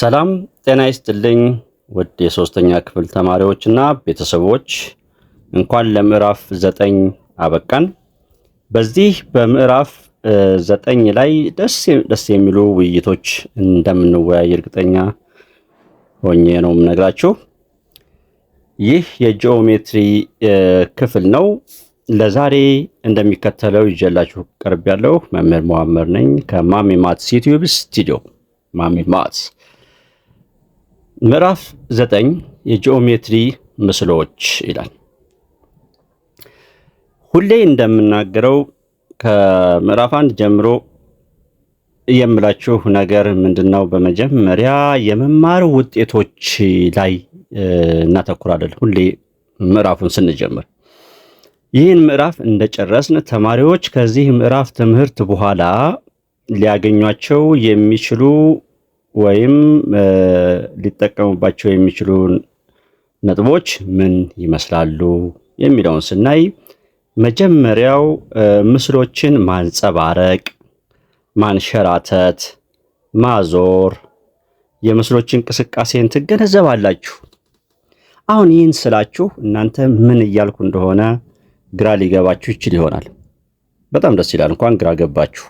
ሰላም ጤና ይስጥልኝ ውድ የሶስተኛ ክፍል ተማሪዎችና ቤተሰቦች እንኳን ለምዕራፍ ዘጠኝ አበቃን። በዚህ በምዕራፍ ዘጠኝ ላይ ደስ የሚሉ ውይይቶች እንደምንወያይ እርግጠኛ ሆኜ ነው የምነግራችሁ። ይህ የጂኦሜትሪ ክፍል ነው። ለዛሬ እንደሚከተለው ይዤላችሁ ቀርብ ያለው መምህር መዋመር ነኝ ከማሚ ማትስ ዩቲዩብ ስቱዲዮ ማሚ ማትስ ምዕራፍ ዘጠኝ የጂኦሜትሪ ምስሎች ይላል። ሁሌ እንደምናገረው ከምዕራፍ አንድ ጀምሮ የምላችሁ ነገር ምንድን ነው? በመጀመሪያ የመማር ውጤቶች ላይ እናተኩራለን። ሁሌ ምዕራፉን ስንጀምር ይህን ምዕራፍ እንደጨረስን ተማሪዎች ከዚህ ምዕራፍ ትምህርት በኋላ ሊያገኟቸው የሚችሉ ወይም ሊጠቀሙባቸው የሚችሉ ነጥቦች ምን ይመስላሉ የሚለውን ስናይ መጀመሪያው ምስሎችን ማንጸባረቅ፣ ማንሸራተት፣ ማዞር የምስሎች እንቅስቃሴን ትገነዘባላችሁ። አሁን ይህን ስላችሁ እናንተ ምን እያልኩ እንደሆነ ግራ ሊገባችሁ ይችል ይሆናል። በጣም ደስ ይላል። እንኳን ግራ ገባችሁ።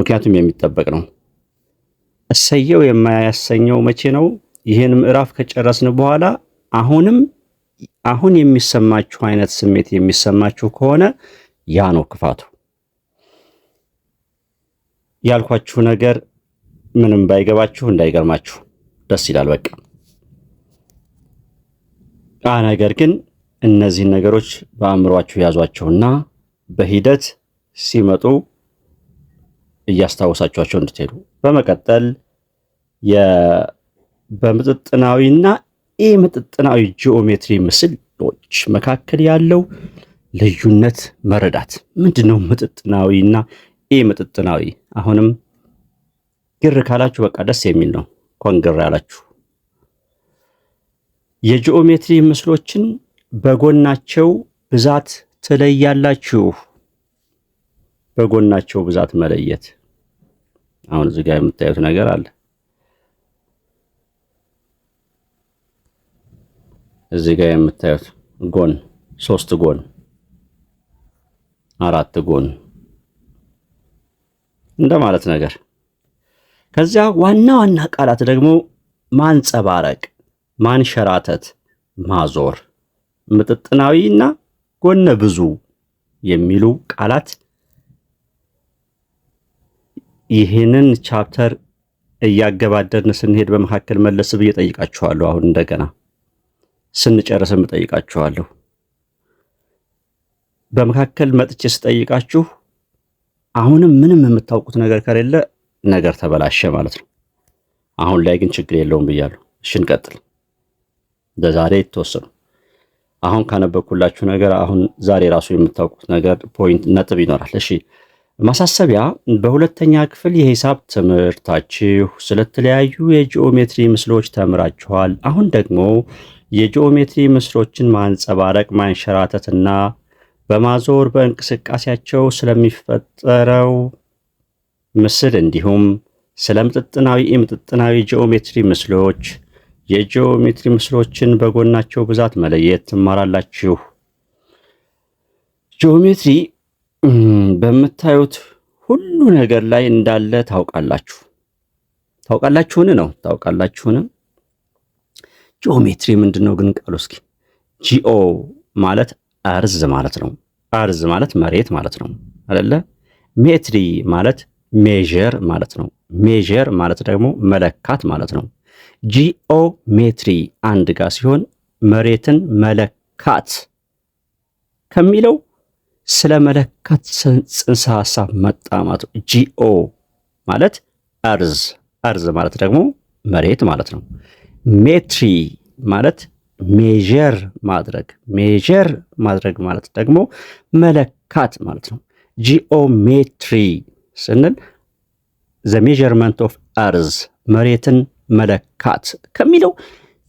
ምክንያቱም የሚጠበቅ ነው። እሰየው የማያሰኘው መቼ ነው? ይህን ምዕራፍ ከጨረስን በኋላ አሁንም አሁን የሚሰማችሁ አይነት ስሜት የሚሰማችሁ ከሆነ ያ ነው ክፋቱ። ያልኳችሁ ነገር ምንም ባይገባችሁ እንዳይገርማችሁ፣ ደስ ይላል በቃ አ ነገር ግን እነዚህን ነገሮች በአእምሯችሁ ያዟቸውና በሂደት ሲመጡ እያስታወሳችኋቸው እንድትሄዱ በመቀጠል በምጥጥናዊና ምጥጥናዊ ጂኦሜትሪ ምስሎች መካከል ያለው ልዩነት መረዳት ምንድን ነው? ምጥጥናዊና ምጥጥናዊ አሁንም ግር ካላችሁ በቃ ደስ የሚል ነው። ኮንግር ያላችሁ። የጂኦሜትሪ ምስሎችን በጎናቸው ብዛት ትለያላችሁ። በጎናቸው ብዛት መለየት አሁን እዚህ ጋር የምታዩት ነገር አለ። እዚህ ጋር የምታዩት ጎን ሶስት ጎን አራት ጎን እንደማለት ነገር። ከዚያ ዋና ዋና ቃላት ደግሞ ማንጸባረቅ፣ ማንሸራተት፣ ማዞር፣ ምጥጥናዊ እና ጎነ ብዙ የሚሉ ቃላት ይህንን ቻፕተር እያገባደድን ስንሄድ በመካከል መለስ ብዬ ጠይቃችኋለሁ። አሁን እንደገና ስንጨርስም እጠይቃችኋለሁ። በመካከል መጥቼ ስጠይቃችሁ አሁንም ምንም የምታውቁት ነገር ከሌለ ነገር ተበላሸ ማለት ነው። አሁን ላይ ግን ችግር የለውም ብያለሁ። እሺ እንቀጥል። በዛሬ የተወሰኑ አሁን ካነበብኩላችሁ ነገር አሁን ዛሬ ራሱ የምታውቁት ነገር ፖይንት ነጥብ ይኖራል። እሺ ማሳሰቢያ በሁለተኛ ክፍል የሂሳብ ትምህርታችሁ ስለተለያዩ የጂኦሜትሪ ምስሎች ተምራችኋል። አሁን ደግሞ የጂኦሜትሪ ምስሎችን ማንጸባረቅ፣ ማንሸራተትና በማዞር በእንቅስቃሴያቸው ስለሚፈጠረው ምስል እንዲሁም ስለ ምጥጥናዊ የምጥጥናዊ ጂኦሜትሪ ምስሎች የጂኦሜትሪ ምስሎችን በጎናቸው ብዛት መለየት ትማራላችሁ። ጂኦሜትሪ በምታዩት ሁሉ ነገር ላይ እንዳለ ታውቃላችሁ። ታውቃላችሁን ነው ታውቃላችሁን። ጂኦሜትሪ ምንድን ነው ግን ቃሉ? እስኪ ጂኦ ማለት አርዝ ማለት ነው። አርዝ ማለት መሬት ማለት ነው አይደለ? ሜትሪ ማለት ሜዥር ማለት ነው። ሜዥር ማለት ደግሞ መለካት ማለት ነው። ጂኦሜትሪ አንድ ጋር ሲሆን መሬትን መለካት ከሚለው ስለ መለከት ጽንሰ ሐሳብ መጣማቱ ጂኦ ማለት አርዝ አርዝ ማለት ደግሞ መሬት ማለት ነው። ሜትሪ ማለት ሜዠር ማድረግ ሜዠር ማድረግ ማለት ደግሞ መለካት ማለት ነው። ጂኦሜትሪ ስንል ዘ ሜዠርመንት ኦፍ አርዝ መሬትን መለካት ከሚለው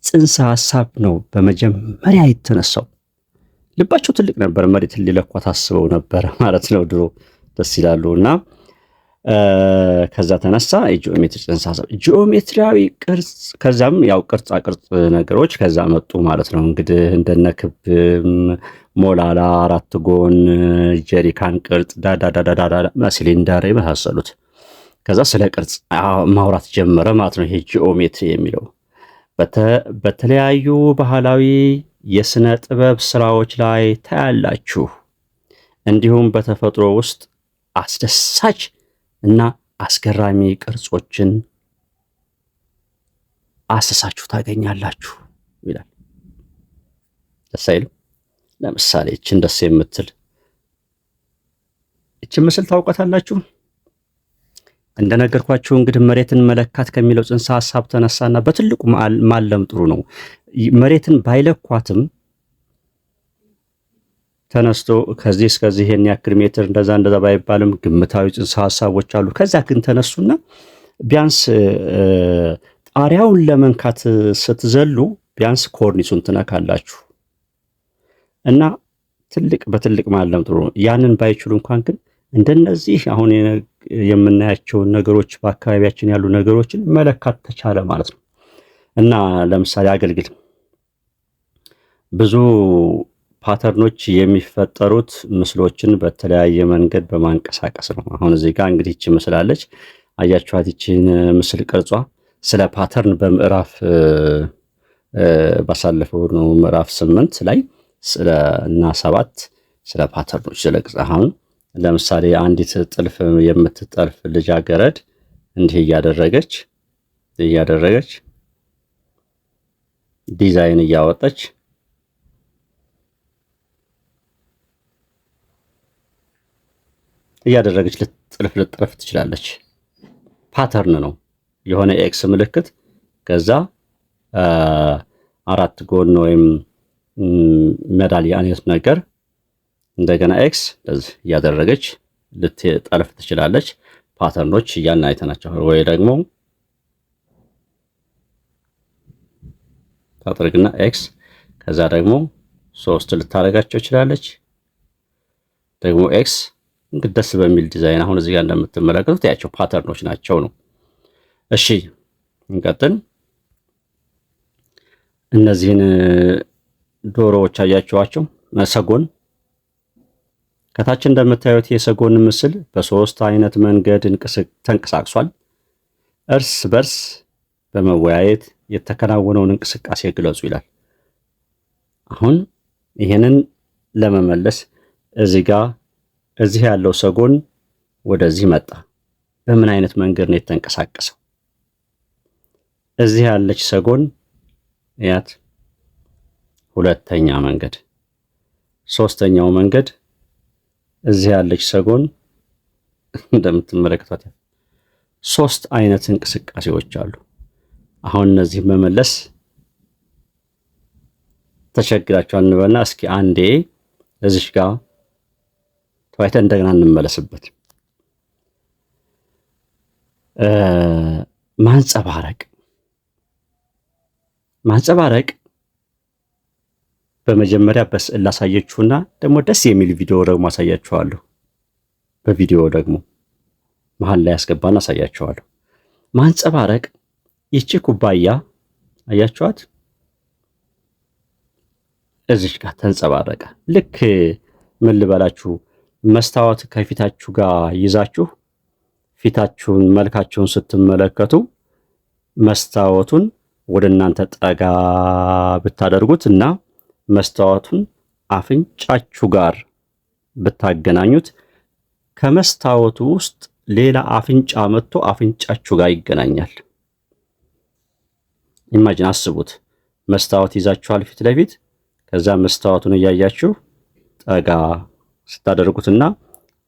ጽንሰ ሐሳብ ነው በመጀመሪያ የተነሳው። ልባቸው ትልቅ ነበር። መሬትን ሊለኳ ታስበው ነበር ማለት ነው። ድሮ ደስ ይላሉ እና ከዛ ተነሳ የጂኦሜትሪ ጽንሰ ሀሳብ ጂኦሜትሪያዊ ቅርጽ ከዛም ያው ቅርጻ ቅርጽ ነገሮች ከዛ መጡ ማለት ነው። እንግዲህ እንደነ ክብም፣ ሞላላ፣ አራት ጎን፣ ጀሪካን ቅርጽ፣ ዳዳዳዳዳ፣ ሲሊንዳር የመሳሰሉት ከዛ ስለ ቅርጽ ማውራት ጀመረ ማለት ነው። ይሄ ጂኦሜትሪ የሚለው በተለያዩ ባህላዊ የሥነ ጥበብ ሥራዎች ላይ ታያላችሁ። እንዲሁም በተፈጥሮ ውስጥ አስደሳች እና አስገራሚ ቅርጾችን አስሳችሁ ታገኛላችሁ ይላል። ደስ አይልም? ለምሳሌ እችን ደስ የምትል እችን ምስል ታውቋታላችሁ። እንደነገርኳችሁ እንግዲህ መሬትን መለካት ከሚለው ጽንሰ ሀሳብ ተነሳና በትልቁ ማለም ጥሩ ነው። መሬትን ባይለኳትም ተነስቶ ከዚህ እስከዚህ ይሄን ያክል ሜትር እንደዛ እንደዛ ባይባልም ግምታዊ ጽንሰ ሀሳቦች አሉ። ከዚያ ግን ተነሱና ቢያንስ ጣሪያውን ለመንካት ስትዘሉ ቢያንስ ኮርኒሱን ትነካላችሁ እና ትልቅ በትልቅ ማለም ጥሩ ነው። ያንን ባይችሉ እንኳን ግን እንደነዚህ አሁን የምናያቸውን ነገሮች በአካባቢያችን ያሉ ነገሮችን መለካት ተቻለ ማለት ነው። እና ለምሳሌ አገልግል ብዙ ፓተርኖች የሚፈጠሩት ምስሎችን በተለያየ መንገድ በማንቀሳቀስ ነው። አሁን እዚህ ጋር እንግዲህ ይቺ ምስል አለች፣ አያችኋት? ይቺን ምስል ቅርጿ ስለ ፓተርን በምዕራፍ ባሳለፈው ነው ምዕራፍ ስምንት ላይ እና ሰባት ስለ ፓተርኖች ስለ ቅጽ አሁን ለምሳሌ አንዲት ጥልፍ የምትጠልፍ ልጃገረድ እንዲህ እያደረገች እያደረገች ዲዛይን እያወጣች እያደረገች ልጥልፍ ልጥልፍ ትችላለች። ፓተርን ነው የሆነ ኤክስ ምልክት ከዛ አራት ጎን ወይም ሜዳሊያ አይነት ነገር እንደገና ኤክስ እንደዚህ እያደረገች ልትጠልፍ ትችላለች። ፓተርኖች እያን አይተናቸው ወይ ደግሞ ታጥርግና ኤክስ ከዛ ደግሞ ሶስት ልታደርጋቸው ይችላለች። ደግሞ ኤክስ እንግዲህ ደስ በሚል ዲዛይን አሁን እዚህ ጋር እንደምትመለከቱት ያቸው ፓተርኖች ናቸው ነው። እሺ እንቀጥል። እነዚህን ዶሮዎች አያቸዋቸው ሰጎን ከታች እንደምታዩት የሰጎን ምስል በሶስት አይነት መንገድ ተንቀሳቅሷል። እርስ በርስ በመወያየት የተከናወነውን እንቅስቃሴ ግለጹ ይላል። አሁን ይህንን ለመመለስ እዚህ ጋ እዚህ ያለው ሰጎን ወደዚህ መጣ። በምን አይነት መንገድ ነው የተንቀሳቀሰው? እዚህ ያለች ሰጎን ያት ሁለተኛ መንገድ፣ ሶስተኛው መንገድ እዚህ ያለች ሰጎን እንደምትመለከቷት ሶስት አይነት እንቅስቃሴዎች አሉ። አሁን እነዚህ መመለስ ተቸግራቸው እንበልና እስኪ አንዴ እዚሽ ጋር ተወያይተን እንደገና እንመለስበት። ማንጸባረቅ ማንጸባረቅ በመጀመሪያ በስዕል ላሳየችሁና ደግሞ ደስ የሚል ቪዲዮ ደግሞ አሳያችኋለሁ። በቪዲዮ ደግሞ መሀል ላይ ያስገባና አሳያችኋለሁ። ማንጸባረቅ ይቺ ኩባያ አያችኋት? እዚች ጋር ተንጸባረቀ። ልክ ምን ልበላችሁ መስታወት ከፊታችሁ ጋር ይዛችሁ ፊታችሁን መልካችሁን ስትመለከቱ መስታወቱን ወደ እናንተ ጠጋ ብታደርጉት እና መስታወቱን አፍንጫችሁ ጋር ብታገናኙት ከመስታወቱ ውስጥ ሌላ አፍንጫ መጥቶ አፍንጫችሁ ጋር ይገናኛል። ኢማጂን አስቡት። መስታወት ይዛችኋል ፊት ለፊት ከዛ መስታወቱን እያያችሁ ጠጋ ስታደርጉትና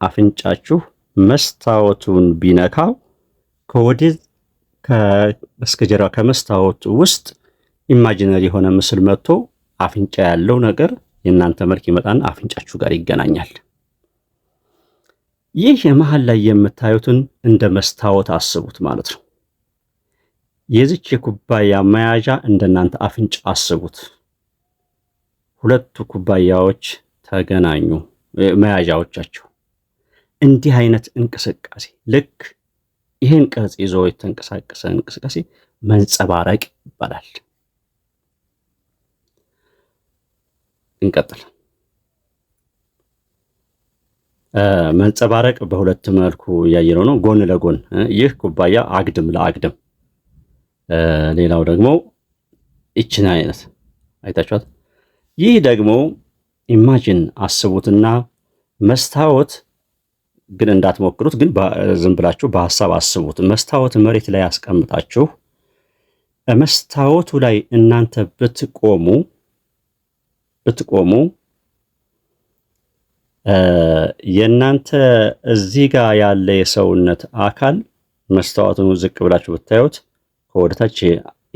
አፍንጫችሁ መስታወቱን ቢነካው ከወዲህ ከበስተጀርባ ከመስታወቱ ውስጥ ኢማጂነሪ የሆነ ምስል መጥቶ አፍንጫ ያለው ነገር የእናንተ መልክ ይመጣና አፍንጫችሁ ጋር ይገናኛል። ይህ የመሃል ላይ የምታዩትን እንደ መስታወት አስቡት ማለት ነው። የዚች የኩባያ መያዣ እንደናንተ አፍንጫ አስቡት። ሁለቱ ኩባያዎች ተገናኙ፣ መያዣዎቻቸው። እንዲህ አይነት እንቅስቃሴ ልክ ይህን ቅርጽ ይዞ የተንቀሳቀሰ እንቅስቃሴ መንጸባረቅ ይባላል። እንቀጥል። መንጸባረቅ በሁለት መልኩ እያየነው ነው፣ ጎን ለጎን ይህ ኩባያ አግድም ለአግድም፣ ሌላው ደግሞ ይችን አይነት አይታችኋት። ይህ ደግሞ ኢማጂን አስቡትና መስታወት ግን እንዳትሞክሩት፣ ግን ዝም ብላችሁ በሀሳብ አስቡት። መስታወት መሬት ላይ ያስቀምጣችሁ መስታወቱ ላይ እናንተ ብትቆሙ ብትቆሙ የእናንተ እዚህ ጋር ያለ የሰውነት አካል መስታወቱን ዝቅ ብላችሁ ብታዩት ከወደታች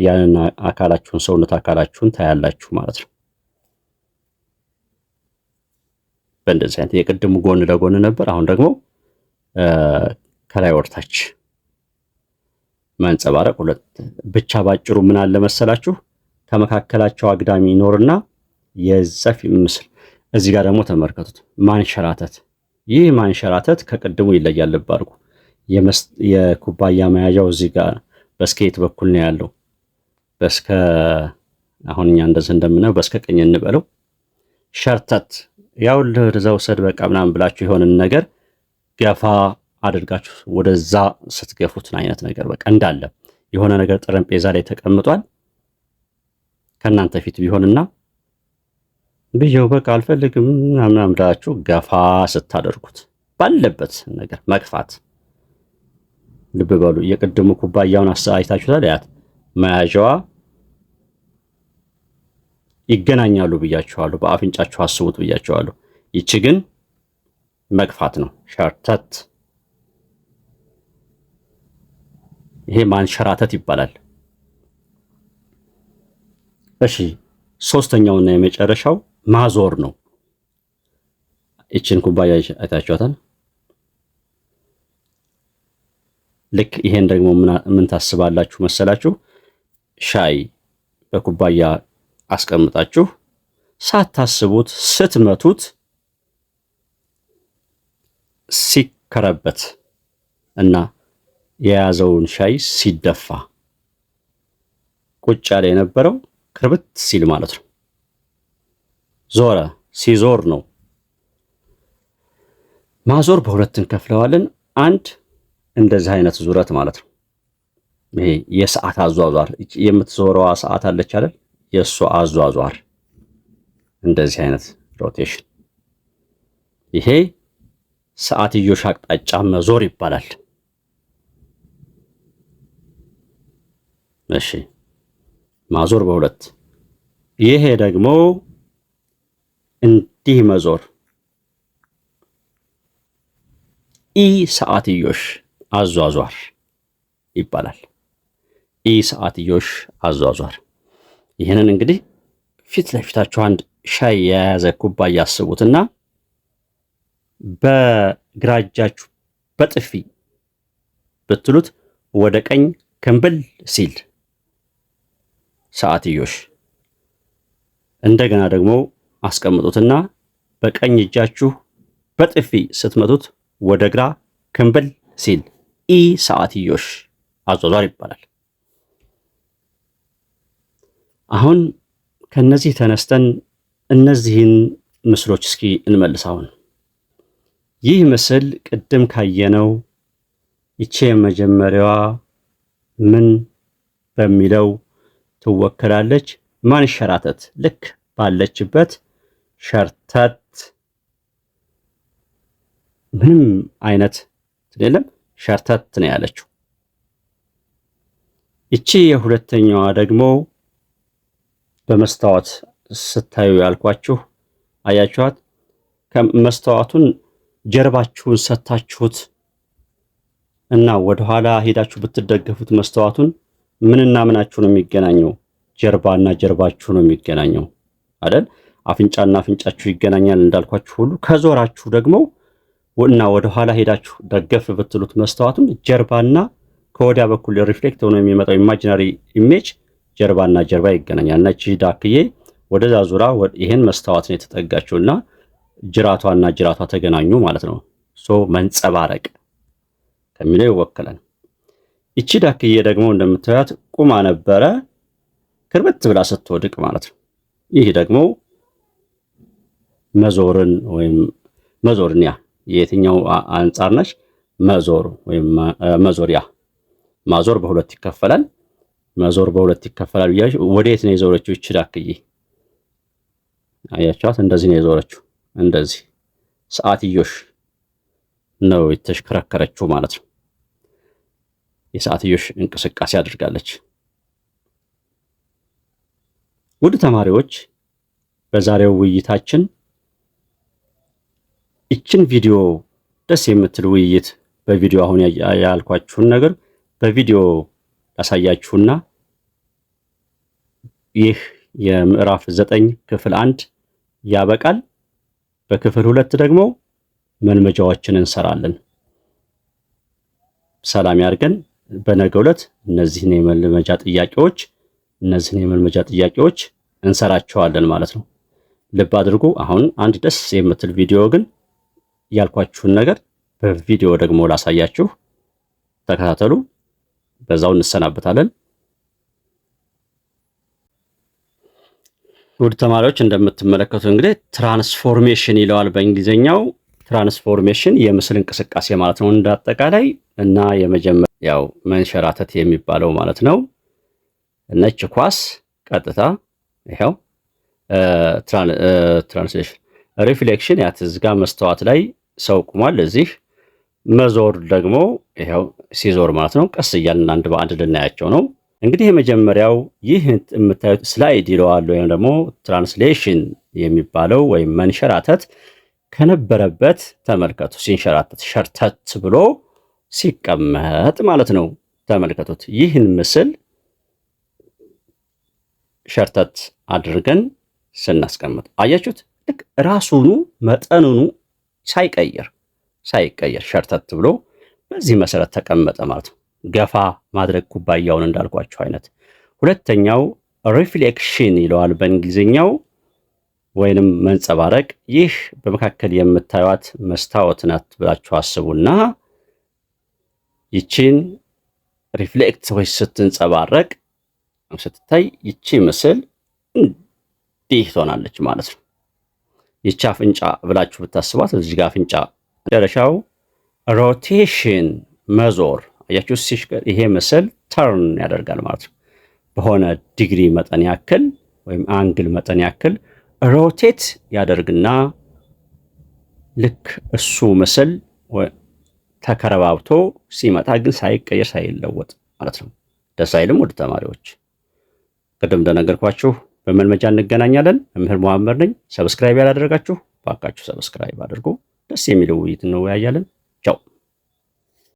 ያንን አካላችሁን ሰውነት አካላችሁን ታያላችሁ ማለት ነው። በእንደዚህ አይነት የቅድሙ ጎን ለጎን ነበር። አሁን ደግሞ ከላይ ወደታች መንጸባረቅ ሁለት ብቻ ባጭሩ ምን አለ መሰላችሁ ከመካከላቸው አግዳሚ ይኖርና የዘፊ ምስል። እዚህ ጋር ደግሞ ተመልከቱት፣ ማንሸራተት። ይህ ማንሸራተት ከቅድሙ ይለያል። ልብ የኩባያ መያዣው እዚህ ጋር በስኬት በኩል ነው ያለው። በስከ አሁን እኛ እንደዚህ እንደምናየው በስከ ቀኝ እንበለው። ሸርተት ያው ለዛ ውሰድ በቃ ምናምን ብላችሁ የሆንን ነገር ገፋ አድርጋችሁ ወደዛ ስትገፉትን አይነት ነገር በቃ እንዳለ የሆነ ነገር ጠረጴዛ ላይ ተቀምጧል ከእናንተ ፊት ቢሆንና ብየው በቃ አልፈልግም ምናምን ብላችሁ ገፋ ስታደርጉት ባለበት ነገር መግፋት። ልብ በሉ የቅድሙ ኩባያውን አስተያይታችሁታል። ያት መያዣዋ ይገናኛሉ ብያችኋሉ። በአፍንጫችሁ አስቡት ብያችኋሉ። ይቺ ግን መግፋት ነው፣ ሸርተት። ይሄ ማንሸራተት ይባላል። እሺ ሶስተኛውና የመጨረሻው ማዞር ነው። ይችን ኩባያ አይታችኋታል። ልክ ይሄን ደግሞ ምን ታስባላችሁ መሰላችሁ? ሻይ በኩባያ አስቀምጣችሁ ሳታስቡት ስትመቱት ሲከረበት እና የያዘውን ሻይ ሲደፋ ቁጭ ያለ የነበረው ክርብት ሲል ማለት ነው። ዞረ ሲዞር ነው። ማዞር በሁለት እንከፍለዋለን። አንድ እንደዚህ አይነት ዙረት ማለት ነው። ይሄ የሰዓት አዟዟር የምትዞረዋ ሰዓት አለች አይደል? የእሱ አዟዟር እንደዚህ አይነት ሮቴሽን። ይሄ ሰዓትዮሽ አቅጣጫ መዞር ይባላል። እሺ ማዞር በሁለት ይሄ ደግሞ እንዲህ መዞር ኢ ሰዓትዮሽ አዟዟር ይባላል። ኢ ሰዓትዮሽ አዟዟር። ይህንን እንግዲህ ፊት ለፊታችሁ አንድ ሻይ የያዘ ኩባያ አስቡትና በግራ እጃችሁ በጥፊ ብትሉት ወደ ቀኝ ክንብል ሲል ሰዓትዮሽ። እንደገና ደግሞ አስቀምጡትና በቀኝ እጃችሁ በጥፊ ስትመቱት ወደ ግራ ክንብል ሲል ኢ ሰዓትዮሽ አዟዟር ይባላል። አሁን ከነዚህ ተነስተን እነዚህን ምስሎች እስኪ እንመልስ። አሁን ይህ ምስል ቅድም ካየነው ይቼ የመጀመሪያዋ ምን በሚለው ትወክላለች? ማንሸራተት ልክ ባለችበት ሸርተት ምንም አይነት የለም ሸርተት ነው ያለችው። ይቺ የሁለተኛዋ ደግሞ በመስታወት ስታዩ ያልኳችሁ አያችኋት። ከመስተዋቱን ጀርባችሁን ሰታችሁት እና ወደኋላ ሄዳችሁ ብትደገፉት መስታወቱን ምንና ምናችሁ ነው የሚገናኘው? ጀርባና ጀርባችሁ ነው የሚገናኘው አይደል? አፍንጫና አፍንጫችሁ ይገናኛል እንዳልኳችሁ ሁሉ ከዞራችሁ ደግሞ እና ወደ ኋላ ሄዳችሁ ደገፍ ብትሉት መስተዋቱን ጀርባና ከወዲያ በኩል ሪፍሌክት ሆኖ የሚመጣው ኢማጂናሪ ኢሜጅ ጀርባና ጀርባ ይገናኛል እና ይቺ ዳክዬ ወደዛ ዙራ ይሄን መስተዋት ነው የተጠጋችው እና ጅራቷና ጅራቷ ተገናኙ ማለት ነው። ሶ መንጸባረቅ ከሚለው ይወከላል። ይቺ ዳክዬ ደግሞ እንደምታዩት ቁማ ነበረ ክርብት ብላ ስትወድቅ ማለት ነው። ይህ ደግሞ መዞርን ወይም መዞርን ያ የትኛው አንጻር ነች? መዞር ወይም መዞሪያ ማዞር በሁለት ይከፈላል። መዞር በሁለት ይከፈላል ብያለች። ወዴት ነው የዞረችው? ይችል አክዬ አያቸዋት። እንደዚህ ነው የዞረችው። እንደዚህ ሰዓትዮሽ ነው የተሽከረከረችው ማለት ነው። የሰዓትዮሽ እንቅስቃሴ አድርጋለች። ውድ ተማሪዎች በዛሬው ውይይታችን ይችን ቪዲዮ ደስ የምትል ውይይት በቪዲዮ አሁን ያልኳችሁን ነገር በቪዲዮ ላሳያችሁና ይህ የምዕራፍ ዘጠኝ ክፍል አንድ ያበቃል። በክፍል ሁለት ደግሞ መልመጃዎችን እንሰራለን። ሰላም ያድርገን። በነገ ዕለት እነዚህን የመልመጃ ጥያቄዎች እነዚህን የመልመጃ ጥያቄዎች እንሰራቸዋለን ማለት ነው። ልብ አድርጉ። አሁን አንድ ደስ የምትል ቪዲዮ ግን ያልኳችሁን ነገር በቪዲዮ ደግሞ ላሳያችሁ። ተከታተሉ። በዛው እንሰናበታለን። ውድ ተማሪዎች እንደምትመለከቱ እንግዲህ ትራንስፎርሜሽን ይለዋል በእንግሊዝኛው። ትራንስፎርሜሽን የምስል እንቅስቃሴ ማለት ነው እንዳጠቃላይ እና ያው መንሸራተት የሚባለው ማለት ነው። ነች ኳስ ቀጥታ ይኸው ትራንስሌሽን ሪፍሌክሽን ያት መስተዋት ላይ ሰው ቁሟል። እዚህ መዞር ደግሞ ይኸው ሲዞር ማለት ነው። ቀስ እያልን አንድ በአንድ ልናያቸው ነው። እንግዲህ የመጀመሪያው ይህ የምታዩት ስላይድ ይለዋል ወይም ደግሞ ትራንስሌሽን የሚባለው ወይም መንሸራተት ከነበረበት ተመልከቱ። ሲንሸራተት ሸርተት ብሎ ሲቀመጥ ማለት ነው። ተመልከቱት። ይህን ምስል ሸርተት አድርገን ስናስቀምጥ አያችሁት? ልክ ራሱኑ መጠኑኑ ሳይቀይር ሳይቀየር ሸርተት ብሎ በዚህ መሰረት ተቀመጠ ማለት ነው። ገፋ ማድረግ ኩባያውን እንዳልኳቸው አይነት። ሁለተኛው ሪፍሌክሽን ይለዋል በእንግሊዝኛው ወይንም መንጸባረቅ። ይህ በመካከል የምታዩት መስታወት ናት ብላችሁ አስቡና ይቺን ሪፍሌክት ወይ ስትንጸባረቅ ስትታይ ይቺ ምስል እንዲህ ትሆናለች ማለት ነው። ይቺ አፍንጫ ብላችሁ ብታስቧት እዚህ ጋር አፍንጫ መጨረሻው ሮቴሽን መዞር አያችሁ ሲሽቀር ይሄ ምስል ተርን ያደርጋል ማለት ነው። በሆነ ዲግሪ መጠን ያክል ወይም አንግል መጠን ያክል ሮቴት ያደርግና ልክ እሱ ምስል ተከረባብቶ ሲመጣ ግን ሳይቀየር ሳይለወጥ ማለት ነው። ደስ አይልም? ተማሪዎች ቅድም እንደነገርኳችሁ በመልመጃ እንገናኛለን። መምህር መሐመድ ነኝ። ሰብስክራይብ ያላደረጋችሁ ባካችሁ ሰብስክራይብ አድርጎ ደስ የሚለው ውይይት እንወያያለን።